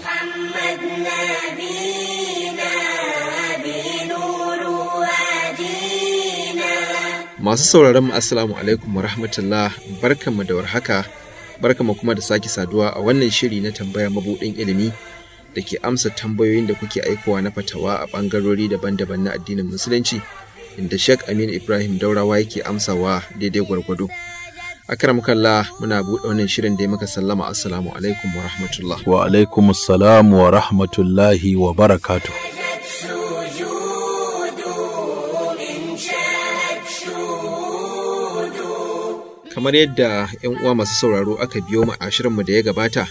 محمد نبينا بنور masu sauraron mu assalamu alaikum wa rahmatullah barkanmu da warhaka barkanmu kuma da sake saduwa a wannan shiri na tambaya mabudin ilimi da ke amsa tambayoyin da kuke aikowa na fatawa a bangarori daban-daban na addinin musulunci inda Sheikh Aminu Ibrahim Daurawa yake amsawa daidai gwargwado. akram kalla muna buɗe wannan shirin da ya muka sallama assalamu alaikum wa rahmatullah wa alaikum assalam wa rahmatullahi wa barakatu kamar yadda 'yan uwa masu sauraro aka biyo mu a shirinmu da ya gabata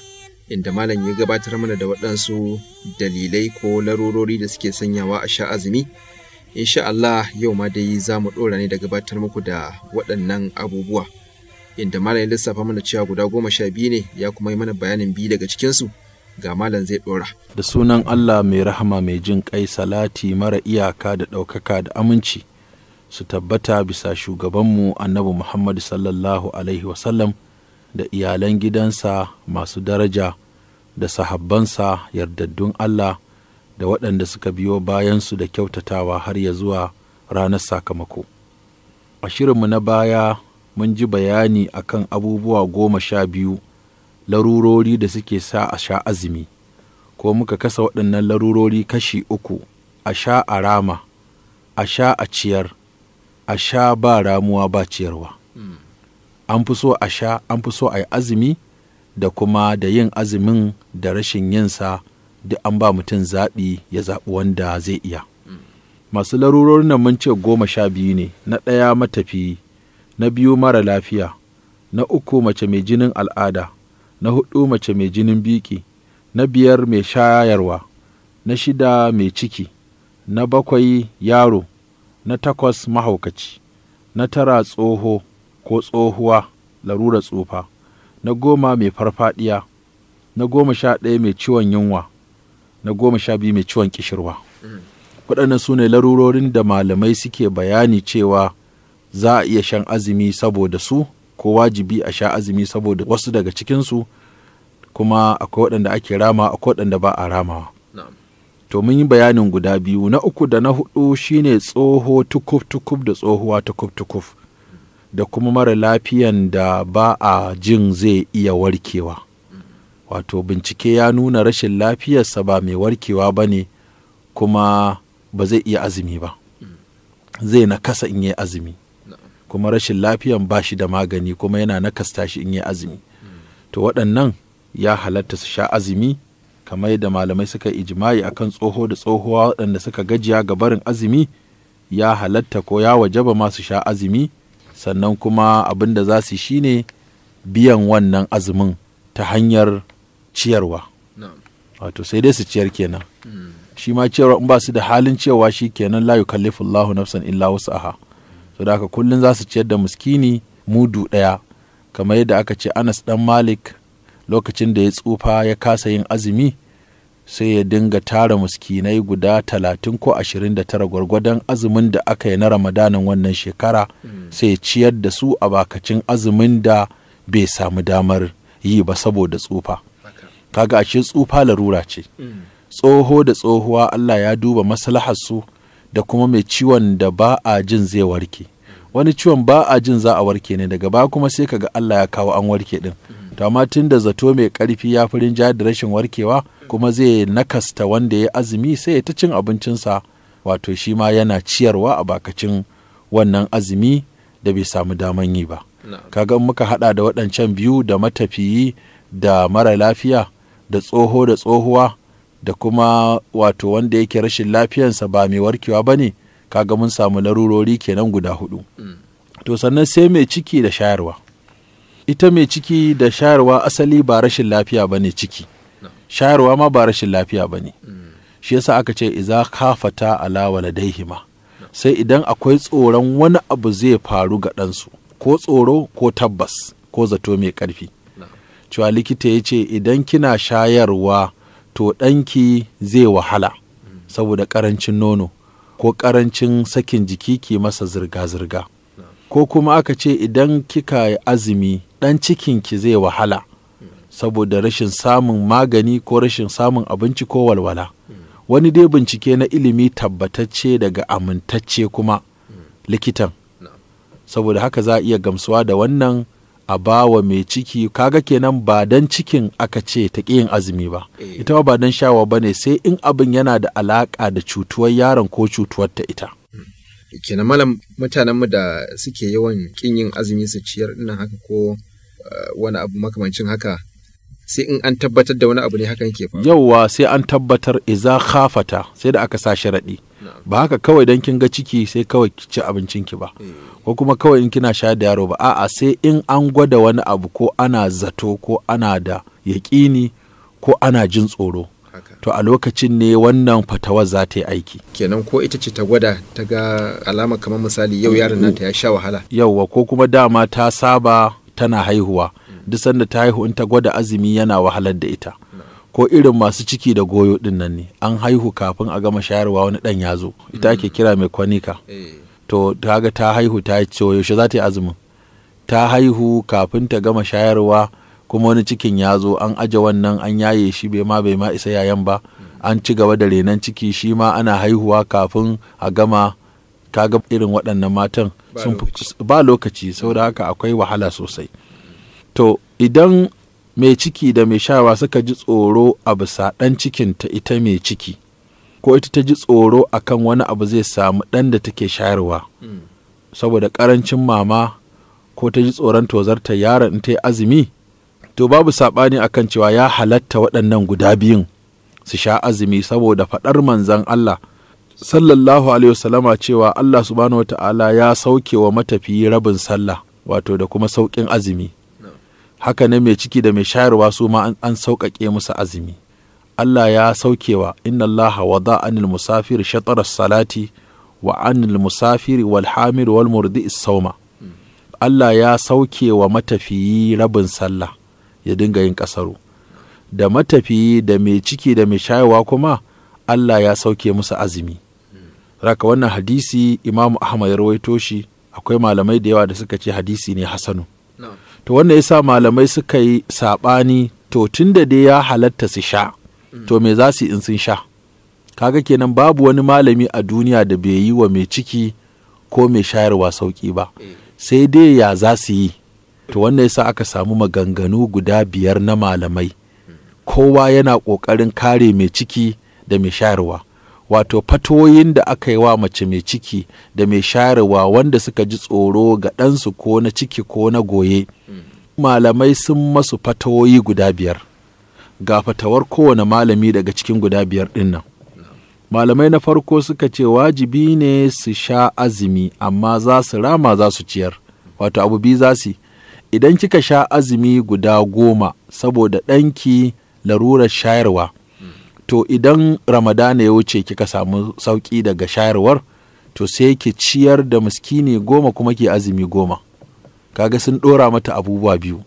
inda malam ya gabatar mana da waɗansu dalilai ko larurori da suke sanyawa a sha azumi insha Allah yau ma dai za mu ɗora ne da gabatar muku da waɗannan abubuwa inda malamin lissafa mana cewa guda goma sha biyu ne ya kuma yi mana bayanin biyu daga cikinsu ga malam zai ɗora. Da sunan Allah mai rahama mai jin kai salati mara iyaka da ɗaukaka da aminci su tabbata bisa shugabanmu annabi Muhammadu sallallahu alaihi wasallam da iyalan gidansa masu daraja da sahabbansa yardaddun Allah da waɗanda suka biyo bayansu da kyautatawa har ya zuwa ranar sakamako. A shirinmu na baya mun ji bayani a kan abubuwa goma sha biyu larurori da suke sa a sha azumi ko muka kasa waɗannan larurori kashi uku a sha a rama a sha a ciyar a sha ba ramuwa ba ciyarwa an fi so a sha an fi so a yi azumi da kuma da yin azumin da rashin yinsa duk an ba mutum zaɓi ya zaɓi wanda zai iya masu larurorin nan mun ce goma sha biyu ne na ɗaya matafi na biyu mara lafiya, na uku mace mai jinin al'ada, na hudu mace mai jinin biki, na biyar mai shayarwa, na shida mai ciki, na bakwai yaro, na takwas mahaukaci, na tara tsoho ko tsohuwa larura tsufa, na goma mai farfadiya, na goma sha ɗaya mai ciwon yunwa, na goma sha biyu mai ciwon kishirwa. Mm. Waɗannan su ne larurorin da malamai suke bayani cewa za a iya shan azumi saboda su ko wajibi a sha azumi saboda wasu daga cikinsu kuma akwai waɗanda ake rama akwai waɗanda ba a ramawa to mun yi bayanin guda biyu na uku da na hudu shine tsoho tukuf tukuf da tsohuwa tukuf tukuf da kuma mara lafiyan da ba a jin zai iya warkewa wato bincike ya nuna rashin lafiyarsa ba mai warkewa ba ne kuma ba zai iya azumi ba mm. zai na kasa in yi azumi kuma rashin lafiyan ba shi da magani kuma yana nakasta shi in yi azumi to waɗannan ya halatta su sha azumi kamar da malamai suka yi ijimai akan tsoho da tsohuwa waɗanda suka gajiya ga barin azumi ya halatta ko ya wajaba masu sha azumi sannan kuma abin da za su shine biyan wannan azumin ta hanyar ciyarwa wato sai dai su ciyar kenan hmm. shi ma ciyarwa in ba su da halin cewa shi kenan la yukallifu Allahu nafsan illa wasu aha. so da haka kullum za su ciyar da muskini mudu ɗaya kamar yadda aka ce anas dan malik lokacin da ya tsufa ya kasa yin azumi sai ya dinga tara muskinai guda talatin ko ashirin da tara gwargwadon azumin da aka yi na ramadanin wannan shekara sai ya ciyar da su a bakacin azumin da bai samu damar yi ba saboda tsufa kaga ashe tsufa larura ce mm. tsoho da tsohuwa allah ya duba maslaharsu su da kuma mai ciwon da ba a jin zai warke wani ciwon ba a jin za a warke ne daga ba kuma sai kaga Allah ya kawo an warke din to amma tun da zato mai karfi ya fi rinja da rashin warkewa kuma zai nakasta wanda ya azumi sai ya ta cin abincinsa wato shi ma yana ciyarwa a bakacin wannan azumi da bai samu daman yi ba kaga muka hada da waɗancan biyu da matafiyi da mara lafiya da tsoho da tsohuwa da kuma wato wanda yake rashin lafiyansa ba mai warkewa ba ne kaga mun samu larurori kenan guda hudu to sannan sai mai ciki da shayarwa ita mai ciki da shayarwa asali ba rashin lafiya ba ne ciki shayarwa ma ba rashin lafiya ba ne shi yasa aka ce iza kafata ala waladaihima hima? sai idan akwai tsoron wani abu zai faru ga ɗansu ko tsoro ko tabbas ko zato mai ƙarfi cewa likita ya ce idan kina shayarwa to ɗanki zai wahala saboda ƙarancin nono ko ƙarancin sakin jiki ki masa zirga-zirga ko kuma aka ce idan kika azumi ɗan cikinki zai wahala saboda rashin samun magani ko rashin samun abinci ko walwala wani dai bincike na ilimi tabbatacce daga amintacce kuma likitan saboda haka za a iya gamsuwa da wannan a ba wa mai ciki kaga kenan ba dan cikin aka ce ta yin azumi ba eh. ita ba dan shawa ba ne sai in abin yana da alaƙa da cutuwar yaron ko cutuwar ta ita hmm. kenan malam mutanenmu da suke yawan kin yin azumi su ciyar ina haka ko eh, wani abu makamancin haka sai in an tabbatar da wani abu ne hakan ke faruwa yauwa sai an tabbatar iza khafata sai da aka sa sharadi ba haka kawai don kin ga ciki sai kawai ki ci abincin ki ba eh. ko kuma kawai in kina sha da yaro ba a'a sai in an gwada wani abu ko ana zato ko ana da yaƙini ko ana jin tsoro to a lokacin ne wannan fatawar za ta yi aiki kenan ko ita ce ta gwada ta ga alama kamar misali yau yaron nata ya sha wahala yauwa ko kuma dama ta saba tana haihuwa mm. duk sanda ta haihu in ta gwada azumi yana wahalar da ita ko irin masu ciki da goyo din nan ne an haihu kafin a gama shayarwa wani dan ya zo ita ake mm. kira mai kwanika eh. to ta haihu ta ciwo yaushe za ta yi azumin ta haihu kafin ta gama shayarwa kuma wani cikin ya zo an aje wannan an yaye shi bai ma bai ma isa yayan ba mm. an ci gaba da renon ciki shi ma ana haihuwa kafin a gama kaga irin waɗannan matan ba lokaci saboda haka akwai wahala sosai mm. to idan mai ciki da mai shawa suka ji tsoro a bisa ɗan cikin ta ita mai ciki ko ita ta ji tsoro akan wani abu zai samu ɗan da take shayarwa saboda ƙarancin mama ko ta ji tsoron tozarta yaron in ta yi azumi to babu saɓani akan cewa ya halatta waɗannan guda biyun su sha azumi saboda faɗar manzan Allah sallallahu alaihi wasallama cewa Allah subhanahu wata'ala ya sauke wa matafi rabin sallah wato da kuma sauƙin azumi haka na mai ciki da mai shayarwa su ma an sauƙaƙe musu azumi Allah ya saukewa inna Allah wada anil musafir shatar salati wa anil musafiri wal hamir wal murdi sauma Allah ya saukewa matafiyi rabin sallah ya dinga yin ƙasaru da matafiyi da mai ciki da mai shayarwa kuma Allah ya sauke musu azumi raka wannan hadisi Imam Ahmad ya rawaito shi akwai malamai da yawa da suka ce hadisi ne Hassanu. to wannan yasa malamai suka yi saɓani to tun da dai ya halatta su sha mm. to me za su in sun sha kaga kenan babu wani malami a duniya da bai yi wa mai ciki ko mai shayarwa sauƙi ba eh. sai dai ya za su yi to wannan yasa aka samu maganganu guda biyar na malamai mm. kowa yana ƙoƙarin kare mai ciki da mai shayarwa wato fatoyin da aka yi wa mace mai ciki da mai sharewa wanda suka ji tsoro ga ɗansu ko na ciki ko na goye malamai sun masu fatoyi guda biyar ga fatawar kowane malami daga cikin guda biyar ɗinnan. malamai na farko suka ce wajibi ne su sha azumi amma za su rama za su ciyar wato abu biyu za su idan kika sha azumi guda goma saboda ɗanki larurar shayarwa to idan ramadana ya wuce kika samu sauki daga shayarwar to sai ki ciyar da miskini goma kuma ki azumi goma kaga sun ɗora mata abubuwa biyu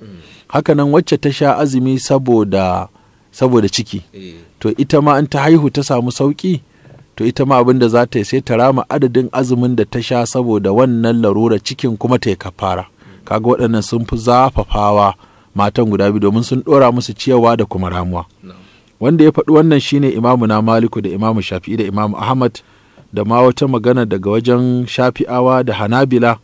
hakanan wacce ta sha azumi saboda saboda ciki eh. to ita ma in ta haihu ta samu sauki to ita ma abinda da za ta yi sai ta rama adadin azumin da ta sha saboda wannan larura cikin kuma ta yi kafara kaga waɗannan sun fi zafafawa matan guda biyu domin sun dora musu ciyarwa da kuma ramuwa wanda ya faɗi wannan shine imamu na maliku da imamu shafi'i da imamu ahmad da ma wata magana daga wajen shafi'awa da hanabila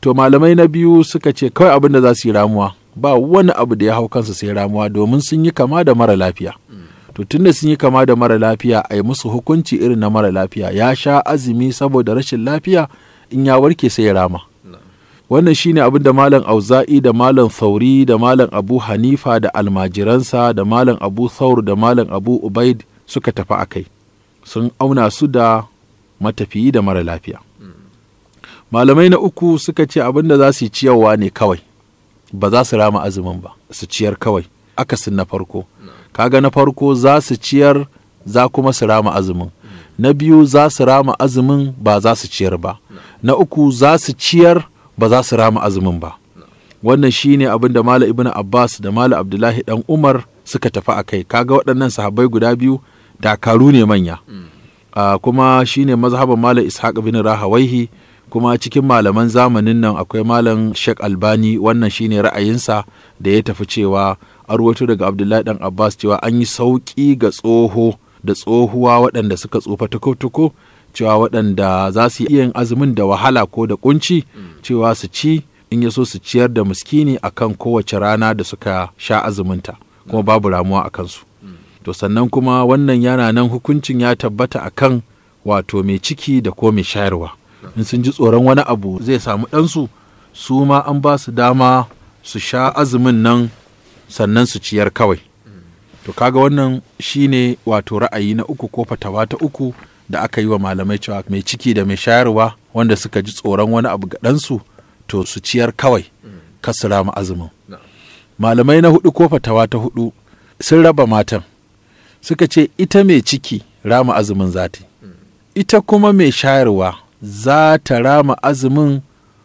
to malamai na biyu suka ce kawai abin da za su yi ramuwa ba wani abu da ya hau kansu sai ramuwa domin sun yi kama da mara lafiya to tunda sun yi kama da mara lafiya a yi musu hukunci irin na mara lafiya ya sha azumi saboda rashin lafiya in ya warke sai ya rama wannan shine abin da malam auza'i da malam sauri da malam abu hanifa da almajiransa da malam abu saur da malam abu ubaid suka tafi a kai sun auna su da matafiyi da mara lafiya malamai na uku suka ce abin da za su yi ciyarwa ne kawai ba za su rama azumin ba su ciyar kawai akasin na farko kaga na farko za su ciyar za kuma su rama azumin na biyu za su rama azumin ba za su ciyar ba na uku za su ciyar ba za su rama azumin ba wannan shine abin da mala ibn abbas da mala abdullahi dan umar suka tafi a kai kaga waɗannan sahabbai guda biyu dakaru ne manya uh, kuma shine mazhaban malam ishaq bin rahawaihi kuma cikin malaman zamanin nan akwai malam sheikh albani wannan shine ra'ayinsa da ya tafi cewa arwato daga abdullahi dan abbas cewa an yi sauƙi ga tsoho da tsohuwa waɗanda suka tsufa tukutuku cewa waɗanda za su iya yin azumin da wahala ko da kunci cewa su ci in ya so su ciyar da muskini a kan kowace rana da suka sha azuminta kuma babu ramuwa a kansu to sannan kuma wannan yana nan hukuncin ya tabbata akan wato mai ciki da ko mai shayarwa in sun ji tsoron wani abu zai samu ɗansu su ma an ba su dama su sha azumin nan sannan su ciyar kawai to kaga wannan shine wato ra'ayi na uku ko fatawa ta uku da aka yi wa malamai cewa mai ciki da mai shayarwa wanda suka ji tsoron wani abu ga ɗansu to su ciyar kawai kasu rama azumin malamai na hudu ko fatawa ta hudu sun raba matan suka ce ita mai ciki rama azumin zati ita kuma mai shayarwa za ta rama azumin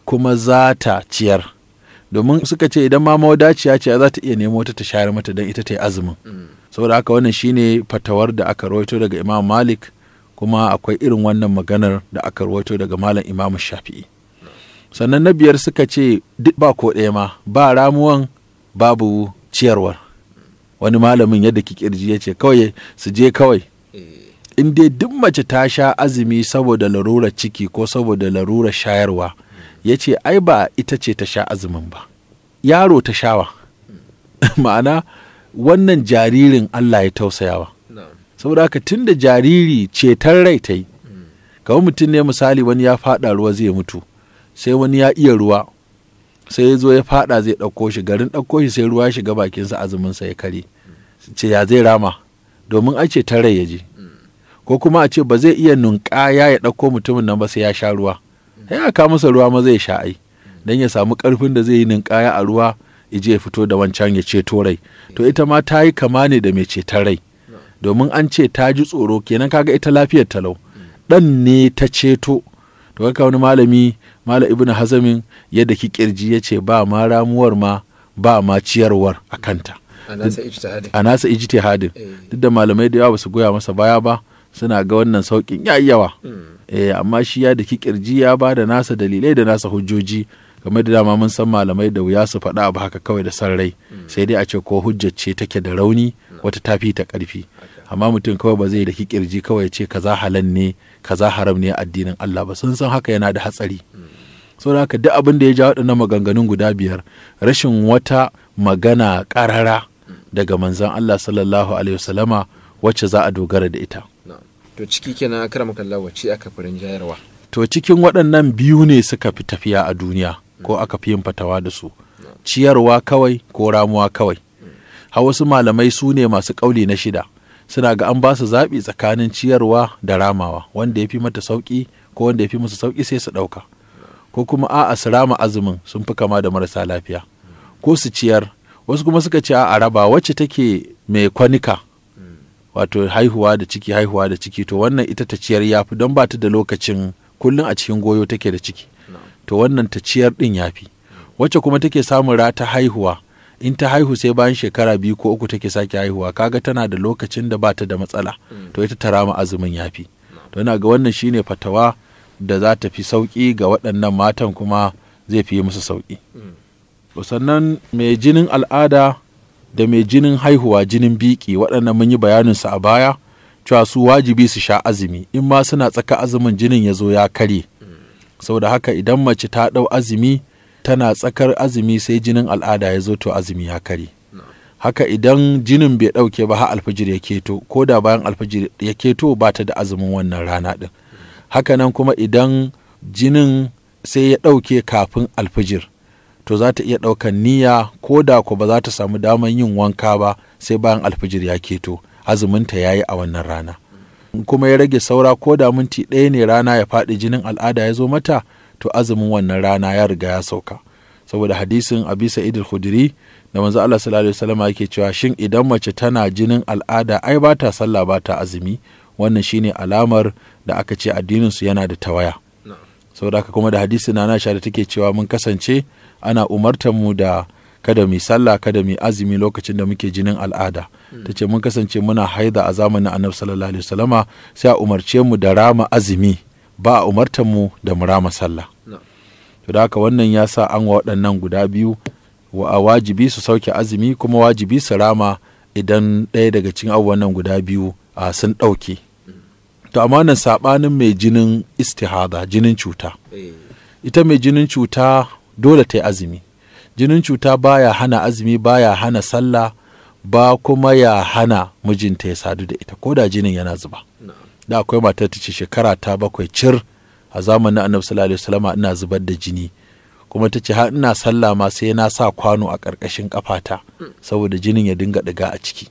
kuma za ta ciyar domin suka ce idan ma mawadaciya ce za ta iya nemo ta ta shayar mata don ita ta yi azumin saboda haka wannan shine fatawar da aka rawaito daga imam malik kuma akwai irin wannan maganar da aka rawaito daga malam imam shafi'i sannan na biyar suka ce duk ba ko ɗaya ma ba ramuwan babu ciyarwar wani malamin yadda kirji ya ce kawai su je kawai eh. in dai duk mace ta sha azumi saboda larurar ciki ko saboda larurar shayarwa ya ce ai ba ita ce ta sha azumin ba yaro ta shawa hmm. ma'ana wannan jaririn allah ya tausayawa saboda haka tun da jariri ceton rai ta yi kamar mutum ne misali wani ya faɗa ruwa zai mutu sai wani ya iya ruwa sai ya zo ya faɗa zai ɗauko shi garin ɗauko shi sai ruwa ya shiga bakinsa sa ya kare ce ya zai rama domin a ce rai ya je. ko kuma a ce ba zai iya ninkaya ya ɗauko mutumin nan ba sai ya sha ruwa sai aka masa ruwa ma zai sha ai dan ya samu ƙarfin da zai yi ninkaya a ruwa ije ya fito da wancan ya ceto rai to ita ma ta yi kama ne da mai ceton rai domin an ce ta ji tsoro kenan kaga ita lafiyar talau dan ne ta ceto to haka wani malami Malam ibnu hazamin yadda ki kirji ya ce ba ma ramuwar ma ba ma ciyarwar a kanta a nasa ijtihadin eh. duk da malamai da yawa ba su goya masa baya ba suna ga wannan saukin yayi yawa hmm. eh, amma shi ya da ki kirji ya ba da nasa dalilai da nasa hujjoji game da dama mun san malamai da wuya su faɗa abu haka kawai da san rai mm. sai dai a ce ko hujjar ce take da rauni mm. wata tafi ta ƙarfi amma mutum kawai ba zai da kirji kawai ce kaza halal ne kaza haram ne addinin Allah ba sun san haka yana da hatsari mm. da haka duk abin da ya ja waɗannan maganganun guda biyar rashin wata magana ƙarara daga manzon Allah sallallahu alaihi wasallama wacce za a dogara da ita to ciki kenan akramaka Allah aka furin jayarwa to cikin waɗannan biyu ne suka fi tafiya a duniya ko aka fi yin fatawa da su ciyarwa kawai ko ramuwa kawai a wasu malamai su ne masu ƙauli na shida suna ga an ba su zaɓi tsakanin ciyarwa da ramawa wanda ya fi mata sauƙi ko wanda ya fi musu sauƙi sai su ɗauka ko kuma a'a su rama azumin sun fi kama da marasa lafiya ko su ciyar wasu kuma suka ce a raba wacce take mai kwanika wato haihuwa da ciki haihuwa da ciki to wannan ita ta ciyar ya fi don ba ta da lokacin kullum a cikin goyo take da ciki to wannan ta ciyar ɗin ya fi wacce kuma take samun rata haihuwa in ta haihu sai bayan shekara biyu ko uku take sake haihuwa kaga tana da lokacin da ba ta da matsala mm. to ita ta rama azumin ya fi to ina ga wannan shine fatawa da za ta fi sauƙi ga waɗannan matan kuma zai fi musu sauƙi mm. sannan mai jinin al'ada da mai jinin haihuwa jinin biƙi waɗannan mun yi bayaninsu a baya cewa su wajibi su sha azumi in ma suna tsaka azumin jinin ya zo ya karye sau da haka idan mace ta ɗau azumi tana tsakar azumi sai jinin al'ada ya zo to azumi ya kare haka idan jinin bai ɗauke ba har alfijir ya keto ko da bayan alfijir ya keto ba ta da azumin wannan rana ɗin haka nan kuma idan jinin sai ya ɗauke kafin alfijir to za ta iya ɗaukan niyya ko da ko ba za ta samu damar yin wanka ba sai bayan alfijir ya keto azuminta ya yi a wannan rana kuma ya rage saura ko da minti ɗaya ne rana ya faɗi jinin al'ada ya zo mata to azumin wannan rana ya riga ya sauka saboda hadisin abi sa'id al-khudri da manzo Allah sallallahu alaihi wasallam yake cewa shin idan mace tana jinin al'ada ai ba ta sallah ba ta azumi wannan shine alamar da aka ce addinin su yana da tawaya saboda haka kuma da hadisin na sha da take cewa mun kasance ana umartar mu da kada mu yi sallah kada mu yi azumi lokacin da muke jinin al'ada hmm. ta ce mun kasance muna haida a zamanin annabi sallallahu alaihi wasallama sai a umarce mu da rama azumi ba a umartar mu da mu rama sallah to da haka wannan ya sa an waɗannan guda biyu wa wajibi su sauke azumi kuma wajibi su rama idan ɗaya daga cikin abubuwan nan guda biyu a sun ɗauke hmm. to amma nan saɓanin mai jinin istihada jinin cuta eh. ita mai jinin cuta dole ta yi azumi jinin cuta baya hana azumi baya hana sallah ba kuma ya hana mijinta ya sadu da ita ko da jinin yana zuba da akwai matar ta ce shekara ta bakwai cir a zamanin annabi sallallahu alaihi wasallam ina zubar da jini kuma ta ce har ina sallah ma sai na sa kwano a ƙarƙashin ƙafata saboda jinin ya dinga ɗiga a ciki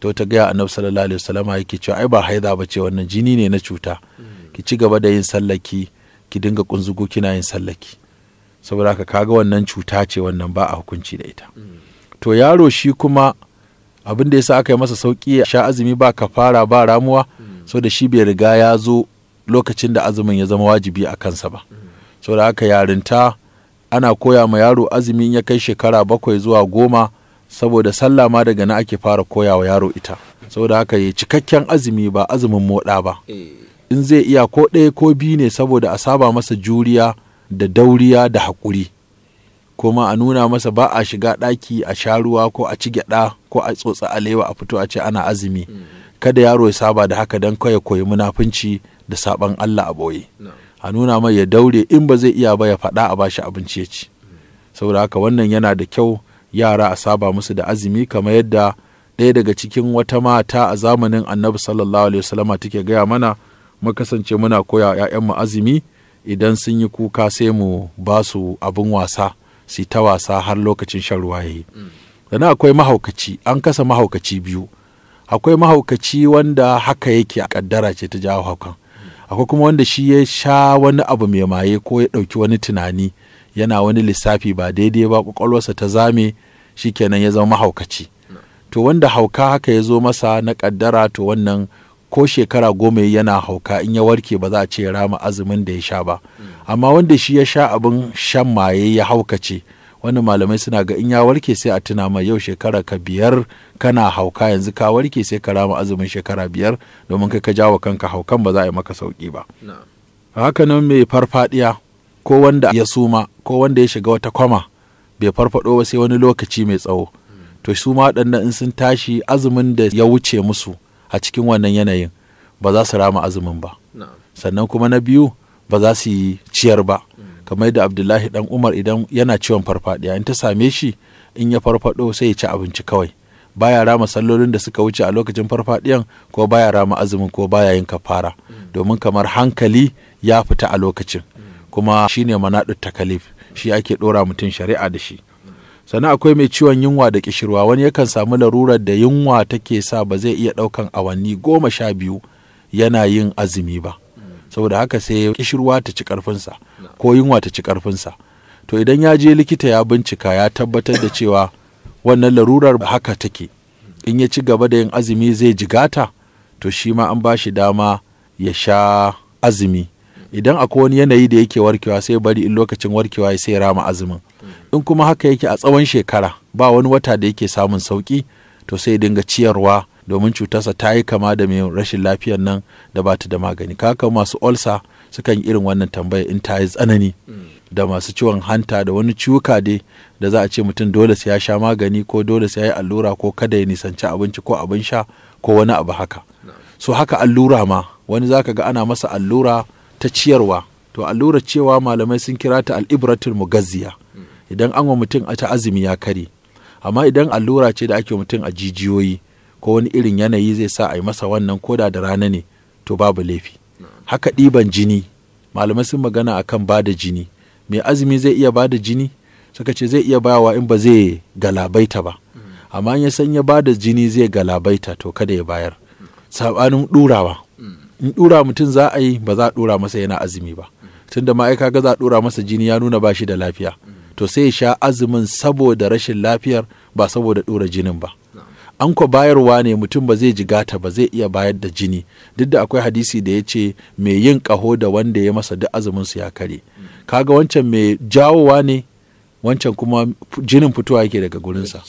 to ta gaya annabi sallallahu alaihi wasallam yake cewa ai ba haida ba ce wannan jini ne na cuta ki ci gaba da yin sallaki ki dinga kunzugo kina yin sallaki saboda haka kaga wannan cuta ce wannan ba a hukunci da ita to yaro shi kuma abin da yasa aka yi masa sauki ya sha azumi ba ka fara ba ramuwa so da shi bai riga ya zo lokacin da azumin ya zama wajibi a kansa ba saboda haka yarinta ana koya ma yaro azumin ya kai shekara bakwai zuwa goma saboda sallah ma daga na ake fara koya wa yaro ita saboda haka ya cikakken azumi ba azumin moɗa ba eh. in zai iya ko ɗaya ko biyu ne saboda a saba masa juriya da dauriya da haƙuri kuma a nuna masa ba a shiga ɗaki a sha ruwa ko a ci gyaɗa ko a tsotsa alewa a fito a ce ana azumi mm. kada yaro ya saba da haka don kawai koyi munafunci da saban Allah a ɓoye a nuna mai ya daure in ba zai iya ba ya faɗa a bashi abinci ya ci mm. saboda haka wannan yana da kyau yara a saba musu da azumi kamar yadda ɗaya daga cikin wata mata a zamanin annabi sallallahu alaihi wasallama take gaya mana mu kasance muna koya 'ya'yanmu azumi idan sun yi kuka sai mu ba su abin wasa su ta wasa har lokacin shan ruwa ya yayi sannan akwai mahaukaci an kasa mahaukaci biyu akwai mahaukaci wanda haka yake a kaddara ce ta jawo haukan akwai kuma wanda shi ya sha wani abu mai maye ko ya ɗauki wani tunani yana wani lissafi ba daidai ba kwakwalwarsa ta zame shi shikenan ya zama mahaukaci to wanda hauka haka ya zo masa na kaddara to wannan ko shekara goma yana hauka in ya warke ba za a ce rama azumin da ya sha ba amma wanda shi ya sha abin shan maye ya haukace wani malamai suna ga in ya warke sai a tuna mai yau shekara ka biyar kana hauka yanzu ka warke sai ka rama azumin shekara biyar domin kai ka jawo kanka haukan ba za a yi maka sauki ba haka nan mai farfadiya ko wanda ya suma ko wanda ya shiga wata kwama bai farfado ba sai wani lokaci mai tsawo to su ma waɗannan in sun tashi azumin da ya wuce musu a cikin wannan yanayin ba za su rama azumin ba sannan kuma na biyu ba za su yi ciyar ba kamar da abdullahi dan umar idan yana ciwon farfadiya in ta same shi in ya farfado sai ya ci abinci kawai baya rama sallolin da suka wuce a lokacin farfadiyan ko baya rama azumin ko baya yin kafara domin kamar hankali ya fita a lokacin kuma shine manaɗin takalif shi ake ɗora mutum shari'a da shi sannan akwai mai ciwon yunwa da kishirwa wani yakan samu larurar da yunwa take sa ba zai iya ɗaukan awanni goma sha biyu yana yin azumi ba saboda haka sai kishirwa ta ci karfinsa ko yunwa ta ci karfinsa to idan ya je likita ya bincika ya tabbatar da cewa wannan larurar haka take in ya ci gaba da yin azumi zai jigata to shi ma an ba shi dama ya sha azumi idan akwai wani yanayi da yake warkewa sai bari in lokacin warkewa ya sai rama azumin in kuma haka yake a tsawon shekara ba wani wata da yake samun sauki to sai dinga ciyarwa domin cutarsa ta yi kama da mai rashin lafiyar nan da ba ta da magani kaka masu olsa sukan yi irin wannan tambaya in ta yi tsanani da masu ciwon hanta da wani ciwuka dai da za a ce mutum dole sai ya sha magani ko dole sai ya yi allura ko kada ya nisanci abinci ko abin sha ko wani abu haka so haka allura ma wani zaka ga ana masa allura ta ciyarwa to allurar cewa malamai sun kira ta al'ibratul mugazziya idan an wa mutum a ta azumi ya kare amma idan allura ce da ake mutum a jijiyoyi ko wani irin yanayi zai sa a yi masa wannan koda da rana ne to babu laifi haka ɗiban jini malamai sun magana akan ba da jini mai azumi zai iya ba da jini suka ce zai iya bayawa in ba zai galabaita ba amma in ya san ya ba da jini zai galabaita to kada ya bayar saɓanin ɗurawa in dura mutum za a yi ba za a dura masa yana azumi ba tunda ma ai ga za a dura masa jini ya nuna ba shi da lafiya to sai sha azumin saboda rashin lafiyar ba saboda dora jinin ba an ko bayarwa ne mutum ba zai jigata ba zai iya bayar da jini duk da akwai hadisi da ya ce mai yin kaho da wanda ya masa duk azumin su ya kare kaga wancan mai jawowa ne wancan kuma jinin fitowa yake daga gurinsa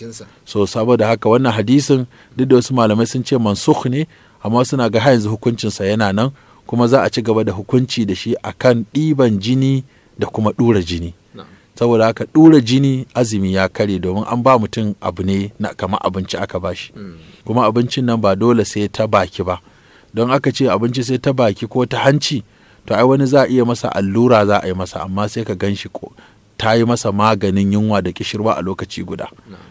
so saboda haka wannan hadisin duk da wasu malamai sun ce mansukh ne amma suna ga yanzu hukuncinsa yana nan kuma za a ci gaba da hukunci da shi akan ɗiban jini da kuma ɗura jini saboda haka ɗura jini azumi ya kare domin an ba mutum abu ne na kama abinci aka ba shi hmm. kuma abincin nan ba dole sai ta baki ba don aka ce abinci sai ta baki ko ta hanci to ai wani za a iya masa allura za a yi masa amma sai ka gan shi ta yi masa maganin yunwa da kishirwa a lokaci guda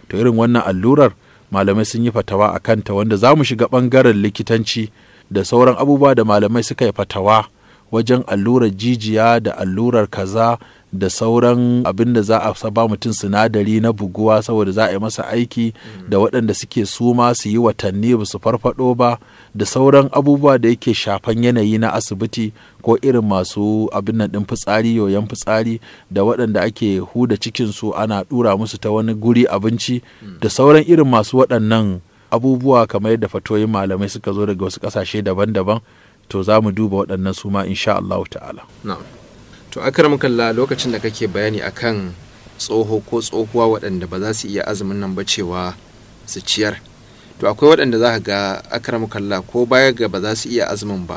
to irin wannan allurar malamai sun yi fatawa a kanta wanda za mu shiga ɓangaren likitanci da sauran abubuwa da malamai suka yi fatawa wajen allurar jijiya da allurar kaza da sauran abin da za a ba mutum sinadari na buguwa saboda za a yi masa aiki mm. da waɗanda suke suma su yi watanni ba su farfado ba da sauran abubuwa da yake shafan yanayi na asibiti ko irin masu abin nan ɗin fitsari yoyon fitsari da waɗanda ake huda cikinsu ana ɗura musu ta wani guri abinci mm. da sauran irin masu waɗannan abubuwa kamar yadda fatoyin malamai suka zo daga wasu ƙasashe daban-daban to za mu duba waɗannan suma insha Allah ta'ala. to akaram kalla lokacin da kake bayani akan tsoho ko tsohuwa waɗanda ba za su iya azumin nan ba cewa su ciyar to akwai waɗanda za ka ga akaram kalla ko baya ga ba za su iya azumin ba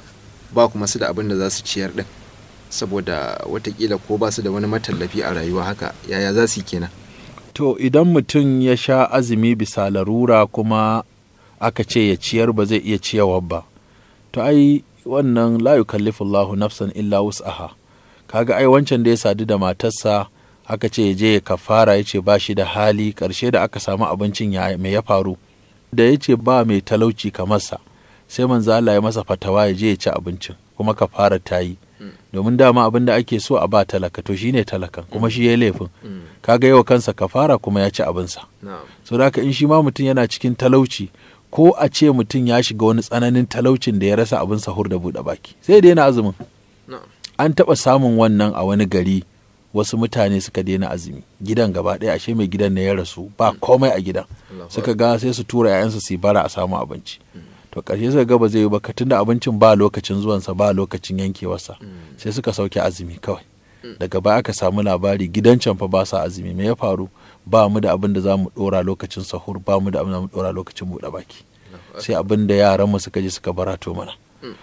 ba kuma su da abin da za su ciyar din saboda watakila ko ba su da wani matallafi a rayuwa haka yaya za su yi kenan to idan mutum ya sha azumi bisa larura kuma aka ce ya ciyar ba zai iya ciyarwa ba to ai wannan la yukallifu Allahu nafsan illa wus'aha kaga ai wancan da ya sadu da matarsa aka ce je ya kafara ya ce ba shi da hali karshe da aka samu abincin mai ya faru da ya ce ba mai talauci kamar sa, sai manzo Allah ya masa fatawa ya je ya ci abincin kuma kafara ta yi domin dama abin da ake so a ba talaka to shine talakan kuma shi ya laifin kaga yawa kansa kafara kuma ya ci abinsa so da in shi ma mutum yana cikin talauci ko a ce mutum ya shiga wani tsananin talaucin da ya rasa abin sahur da buɗe baki sai dai na azumin an taɓa samun wannan a wani gari wasu mutane suka daina azumi gidan gaba ɗaya ashe mai gidan na ya rasu ba mm. komai a gidan suka ga sai su tura 'ya'yansu su bara a samu abinci mm. to ƙarshe suka ga ba zai yi ba tunda abincin ba lokacin zuwansa ba lokacin yankewarsa mm. sai suka sauke azumi kawai daga baya aka samu labari gidan can fa ba sa azumi me ya faru ba mu da abin da za mu ɗora lokacin sahur ba mu da abin da za mu ɗora lokacin buɗe baki sai abin da yaran mu suka je suka barato mana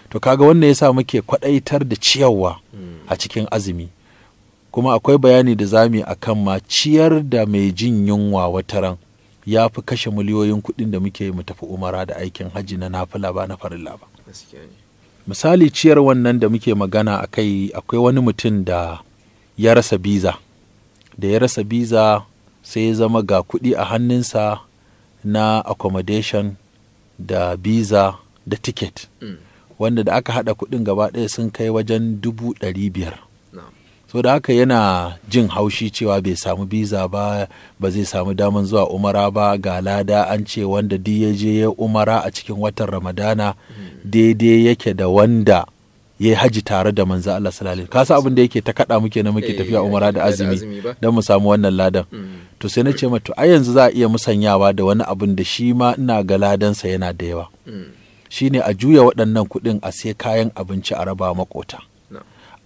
to kaga wannan yasa muke kwadaitar da ciyarwa a cikin azumi kuma akwai bayani da zami a kan ma ciyar da mai jin yunwa wata ran ya fi kashe miliyoyin kuɗin da muke mu tafi umara da aikin hajji na nafila ba na farilla ba misali ciyar wannan da muke magana a kai akwai wani mutum da ya rasa biza da ya rasa biza sai ya zama ga kuɗi a hannunsa na accommodation da biza da ticket mm. wanda da aka hada kudin gaba ɗaya sun kai wajen dubu ɗari biyar so da haka yana jin haushi cewa bai samu biza ba ba zai samu daman zuwa umara ba ga lada an ce wanda duk ya je ya umara a cikin watan ramadana hmm. daidai yake da wanda ya yi haji tare da manzo Allah sallallahu ka abin da yake ta kada muke na muke tafiya eh, umara da azumi don mu samu wannan ladan hmm. to sai na ce mata a yanzu za a iya musanyawa da wani abin da shi ma ina ga ladansa yana da yawa hmm. shine a juya waɗannan kuɗin a sai kayan abinci a raba makota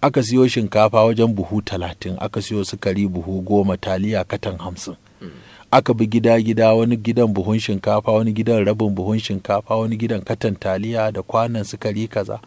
aka siyo shinkafa wajen buhu talatin aka siyo sukari buhu goma taliya katan hamsin hmm. aka bi gida-gida wani gidan buhun shinkafa wani gidan rabin buhun shinkafa wani gidan katan taliya da kwanan sukari kaza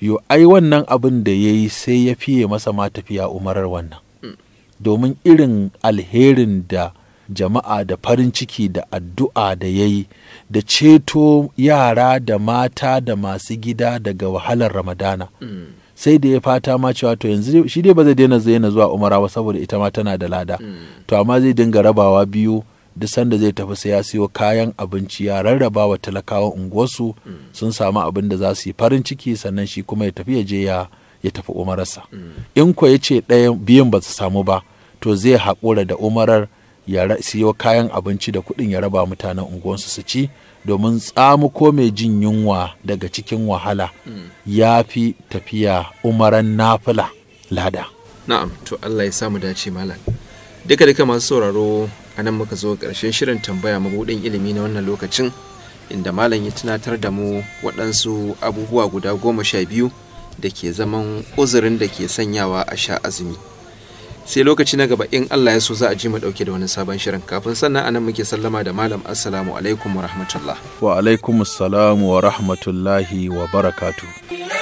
yo ai wannan abin da ya yi sai ya fiye masa ma tafiya umarar wannan hmm. domin irin alherin da jama'a da farin ciki da addu'a da ya yi da ceto yara da mata da masu gida daga wahalar ramadana mm. sai da ya fata ma cewa to yanzu shi dai ba zai daina zaina zuwa umara ba saboda ita ma tana da lada mm. to amma zai dinga rabawa biyu duk sanda zai tafi sai ya siyo kayan abinci ya rarraba wa talakawan unguwarsu mm. sun samu abin da za su yi farin ciki sannan shi kuma ya tafi ya je ya ya tafi umararsa in ko ya ce ɗayan biyun ba su samu ba to zai haƙura da umarar ya siyo kayan abinci da kuɗin ya raba mutanen unguwansu su ci domin tsamuko mai jin yunwa daga cikin wahala hmm. ya fi tafiya umaran nafila lada. Na'am, to Allah ya samu dace malam. Duka duka masu sauraro a nan muka zo ƙarshen shirin tambaya mabuɗin ilimi na wannan lokacin inda malam ya tunatar da mu waɗansu abubuwa guda goma sha biyu da ke zaman uzurin da ke sanyawa a sha azumi. sai lokaci na gaba in Allah ya so za a ji mu dauke da wani sabon shirin kafin sannan anan muke sallama da malam assalamu alaikum wa rahmatullah wa alaikum assalamu wa rahmatullahi wa barakatuh